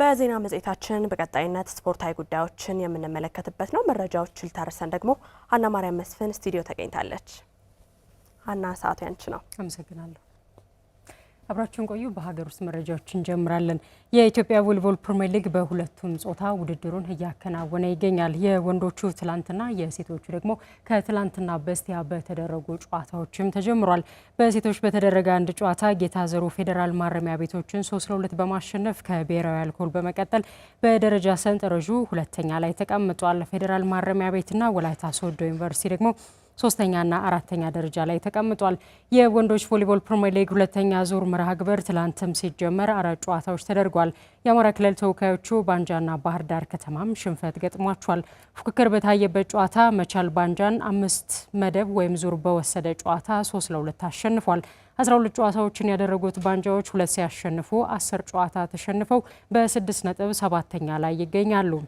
በዜና መጽሔታችን በቀጣይነት ስፖርታዊ ጉዳዮችን የምንመለከትበት ነው። መረጃዎች ልታረሰን ደግሞ ሀና ማርያም መስፍን ስቱዲዮ ተገኝታለች። ሀና፣ ሰዓቱ ያንቺ ነው። አመሰግናለሁ። አብራችሁን ቆዩ። በሀገር ውስጥ መረጃዎች እንጀምራለን። የኢትዮጵያ ቮሊቦል ፕሪሚየር ሊግ በሁለቱም ጾታ ውድድሩን እያከናወነ ይገኛል። የወንዶቹ ትላንትና የሴቶቹ ደግሞ ከትላንትና በስቲያ በተደረጉ ጨዋታዎችም ተጀምሯል። በሴቶች በተደረገ አንድ ጨዋታ ጌታዘሩ ፌዴራል ማረሚያ ቤቶችን ሶስት ለሁለት በማሸነፍ ከብሔራዊ አልኮል በመቀጠል በደረጃ ሰንጠረዡ ሁለተኛ ላይ ተቀምጧል። ፌዴራል ማረሚያ ቤትና ወላይታ ሶዶ ዩኒቨርሲቲ ደግሞ ሶስተኛና አራተኛ ደረጃ ላይ ተቀምጧል። የወንዶች ቮሊቦል ፕሪሚየር ሊግ ሁለተኛ ዙር መርሃ ግብር ትላንትም ሲጀመር አራት ጨዋታዎች ተደርጓል። የአማራ ክልል ተወካዮቹ ባንጃና ባህር ዳር ከተማም ሽንፈት ገጥሟቸዋል። ፉክክር በታየበት ጨዋታ መቻል ባንጃን አምስት መደብ ወይም ዙር በወሰደ ጨዋታ ሶስት ለሁለት አሸንፏል። 12 ጨዋታዎችን ያደረጉት ባንጃዎች ሁለት ሲያሸንፉ አስር ጨዋታ ተሸንፈው በስድስት ነጥብ ሰባተኛ ላይ ይገኛሉ።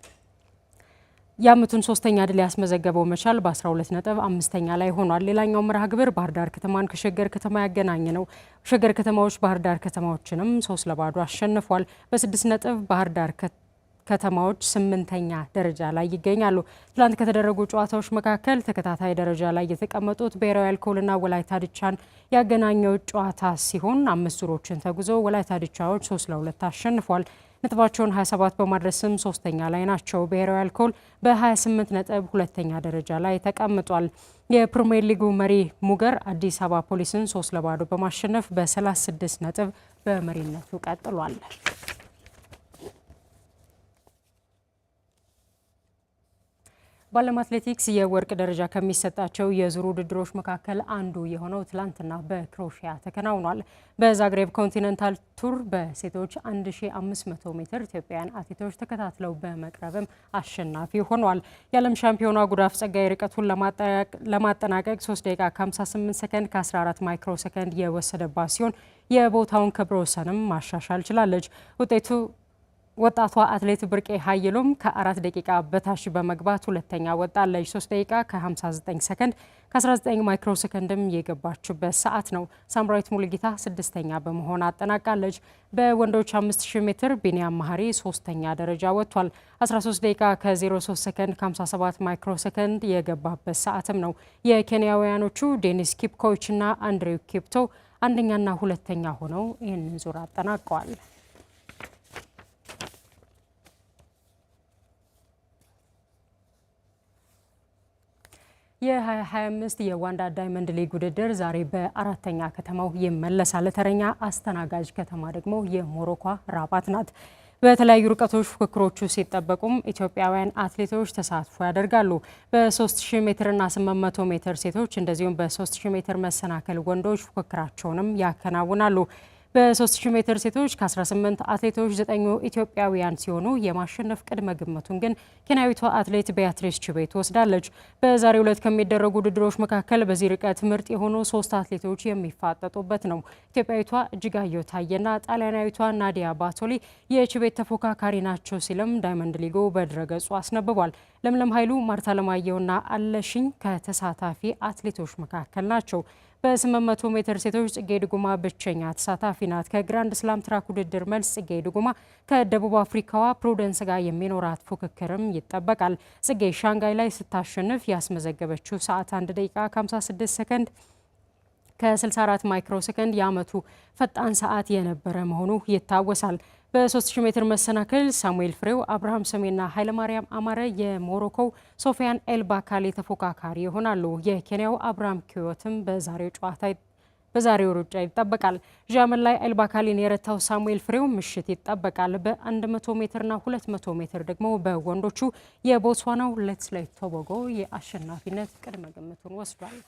የአመቱን ሶስተኛ ድል ያስመዘገበው መቻል በ12 ነጥብ አምስተኛ ላይ ሆኗል። ሌላኛው መርሃ ግብር ባህር ዳር ከተማን ከሸገር ከተማ ያገናኝ ነው። ሸገር ከተማዎች ባህር ዳር ከተማዎችንም ሶስት ለባዶ አሸንፏል። በስድስት ነጥብ ባህር ዳር ከተማዎች ስምንተኛ ደረጃ ላይ ይገኛሉ። ትላንት ከተደረጉ ጨዋታዎች መካከል ተከታታይ ደረጃ ላይ የተቀመጡት ብሔራዊ አልኮልና ወላይታ ድቻን ያገናኘው ጨዋታ ሲሆን አምስት ዙሮችን ተጉዞ ወላይታ ድቻዎች ሶስት ለሁለት አሸንፏል። ነጥባቸውን 27 በማድረስም ሶስተኛ ላይ ናቸው። ብሔራዊ አልኮል በ28 ነጥብ ሁለተኛ ደረጃ ላይ ተቀምጧል። የፕሪምየር ሊጉ መሪ ሙገር አዲስ አበባ ፖሊስን ሶስት ለባዶ በማሸነፍ በ36 ነጥብ በመሪነቱ ቀጥሏል። በዓለም አትሌቲክስ የወርቅ ደረጃ ከሚሰጣቸው የዙር ውድድሮች መካከል አንዱ የሆነው ትላንትና በክሮሺያ ተከናውኗል። በዛግሬብ ኮንቲኔንታል ቱር በሴቶች 1500 ሜትር ኢትዮጵያውያን አትሌቶች ተከታትለው በመቅረብም አሸናፊ ሆኗል። የዓለም ሻምፒዮኗ ጉዳፍ ጸጋይ ርቀቱን ለማጠናቀቅ 3 ደቂቃ 58 ሰከንድ ከ14 ማይክሮ ሰከንድ የወሰደባት ሲሆን የቦታውን ክብረ ወሰንም ማሻሻል ችላለች። ውጤቱ ወጣቷ አትሌት ብርቄ ሀይሎም ከአራት ደቂቃ በታች በመግባት ሁለተኛ ወጣለች። 3 ደቂቃ ከ59 ሰከንድ ከ19 ማይክሮ ሰከንድም የገባችበት ሰዓት ነው። ሳምራዊት ሙሉጌታ ስድስተኛ በመሆን አጠናቃለች። በወንዶች 5000 ሜትር ቢኒያም መሀሪ ሶስተኛ ደረጃ ወጥቷል። 13 ደቂቃ ከ03 ሰከንድ ከ57 ማይክሮ ሰከንድ የገባበት ሰዓትም ነው። የኬንያውያኖቹ ዴኒስ ኪፕኮችና አንድሬው ኪፕቶ አንደኛና ሁለተኛ ሆነው ይህንን ዙር አጠናቀዋል። የ2025 የዋንዳ ዳይመንድ ሊግ ውድድር ዛሬ በአራተኛ ከተማው ይመለሳል። ተረኛ አስተናጋጅ ከተማ ደግሞ የሞሮኳ ራባት ናት። በተለያዩ ርቀቶች ፉክክሮቹ ሲጠበቁም ኢትዮጵያውያን አትሌቶች ተሳትፎ ያደርጋሉ። በ3000 ሜትርና 800 ሜትር ሴቶች እንደዚሁም በ3000 ሜትር መሰናከል ወንዶች ፉክክራቸውንም ያከናውናሉ። በ3000 ሜትር ሴቶች ከ18 አትሌቶች ዘጠኙ ኢትዮጵያውያን ሲሆኑ የማሸነፍ ቅድመ ግምቱን ግን ኬንያዊቷ አትሌት ቢያትሪስ ችቤ ትወስዳለች። በዛሬው ዕለት ከሚደረጉ ውድድሮች መካከል በዚህ ርቀት ምርጥ የሆኑ ሶስት አትሌቶች የሚፋጠጡበት ነው። ኢትዮጵያዊቷ እጅጋየሁ ታዬና ጣሊያናዊቷ ናዲያ ባቶሊ የችቤት ተፎካካሪ ናቸው ሲልም ዳይመንድ ሊጎ በድረገጹ አስነብቧል። ለምለም ኃይሉ፣ ማርታ ለማየሁና አለሽኝ ከተሳታፊ አትሌቶች መካከል ናቸው። በ800 ሜትር ሴቶች ጽጌ ድጉማ ብቸኛ ተሳታፊ ናት። ከግራንድ ስላም ትራክ ውድድር መልስ ጽጌ ድጉማ ከደቡብ አፍሪካዋ ፕሩደንስ ጋር የሚኖራት ፉክክርም ይጠበቃል። ጽጌ ሻንጋይ ላይ ስታሸንፍ ያስመዘገበችው ሰዓት 1 ደቂቃ 56 ሰከንድ ከ64 ማይክሮ ሰከንድ የአመቱ ፈጣን ሰዓት የነበረ መሆኑ ይታወሳል። በ3000 ሜትር መሰናክል ሳሙኤል ፍሬው፣ አብርሃም ሰሜና ኃይለማርያም አማረ የሞሮኮው ሶፊያን ኤልባካሊ ተፎካካሪ ይሆናሉ። የኬንያው አብርሃም ኪዮትም በዛሬው ጨዋታ በዛሬው ሩጫ ይጠበቃል። ዣመን ላይ ኤልባካሊን የረታው ሳሙኤል ፍሬው ምሽት ይጠበቃል። በ100 ሜትርና 200 ሜትር ደግሞ በወንዶቹ የቦትስዋናው ላይ ቶቦጎ የአሸናፊነት ቅድመ ግምቱን ወስዷል።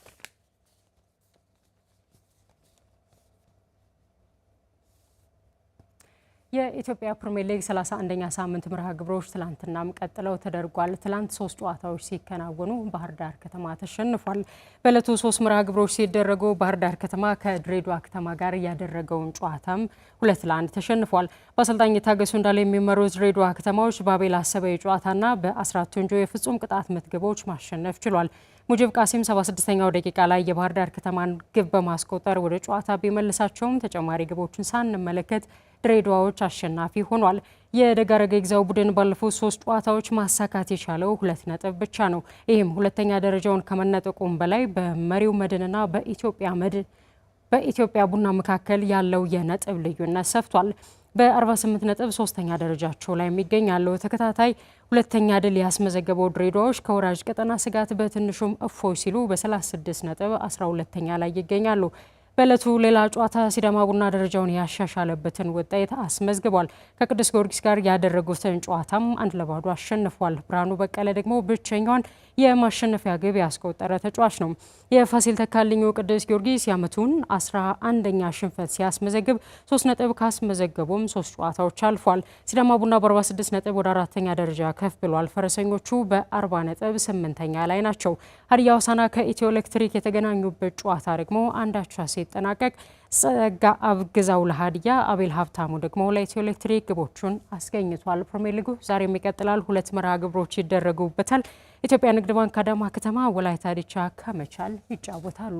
የኢትዮጵያ ፕሪሚየር ሊግ 31ኛ ሳምንት መርሃ ግብሮች ትላንትናም ቀጥለው ተደርጓል። ትላንት ሶስት ጨዋታዎች ሲከናወኑ ባህር ዳር ከተማ ተሸንፏል። በእለቱ ሶስት መርሃ ግብሮች ሲደረጉ ባህር ዳር ከተማ ከድሬዳዋ ከተማ ጋር ያደረገውን ጨዋታም ሁለት ለአንድ ተሸንፏል። በአሰልጣኝ ታገሱ እንዳለ የሚመሩ ድሬዳዋ ከተማዎች በአቤል አሰበ የጨዋታና በአስራት ወንጆ የፍጹም ቅጣት ምት ግቦች ማሸነፍ ችሏል። ሙጅብ ቃሲም 76ኛው ደቂቃ ላይ የባህር ዳር ከተማን ግብ በማስቆጠር ወደ ጨዋታ ቢመልሳቸውም ተጨማሪ ግቦችን ሳንመለከት ድሬዳዋዎች አሸናፊ ሆኗል። የደጋረገ ግዛው ቡድን ባለፉት ሶስት ጨዋታዎች ማሳካት የቻለው ሁለት ነጥብ ብቻ ነው። ይህም ሁለተኛ ደረጃውን ከመነጠቁም በላይ በመሪው መድንና በኢትዮጵያ መድን በኢትዮጵያ ቡና መካከል ያለው የነጥብ ልዩነት ሰፍቷል። በ48 ነጥብ ሶስተኛ ደረጃቸው ላይ የሚገኛለው ተከታታይ ሁለተኛ ድል ያስመዘገበው ድሬዳዎች ከወራጅ ቀጠና ስጋት በትንሹም እፎይ ሲሉ በ36 ነጥብ 12ተኛ ላይ ይገኛሉ። በእለቱ ሌላ ጨዋታ ሲዳማ ቡና ደረጃውን ያሻሻለበትን ውጤት አስመዝግቧል። ከቅዱስ ጊዮርጊስ ጋር ያደረጉትን ጨዋታም አንድ ለባዶ አሸንፏል። ብርሃኑ በቀለ ደግሞ ብቸኛዋን የማሸነፊያ ግብ ያስቆጠረ ተጫዋች ነው። የፋሲል ተካልኝ ቅዱስ ጊዮርጊስ የዓመቱን አስራ አንደኛ ሽንፈት ሲያስመዘግብ ሶስት ነጥብ ካስመዘገቡም ሶስት ጨዋታዎች አልፏል። ሲዳማ ቡና በ46 ነጥብ ወደ አራተኛ ደረጃ ከፍ ብሏል። ፈረሰኞቹ በ40 ነጥብ ስምንተኛ ላይ ናቸው። ሀዲያ ሆሳዕና ከኢትዮ ኤሌክትሪክ የተገናኙበት ጨዋታ ደግሞ አንዳቻ ሲጠናቀቅ ጸጋ አብግዛው ለሀዲያ፣ አቤል ሀብታሙ ደግሞ ለኢትዮ ኤሌክትሪክ ግቦቹን አስገኝቷል። ፕሪሚየር ሊጉ ዛሬም ይቀጥላል። ሁለት መርሃ ግብሮች ይደረጉበታል። ኢትዮጵያ ንግድ ባንክ አዳማ ከተማ፣ ወላይታ ዲቻ ከመቻል ይጫወታሉ።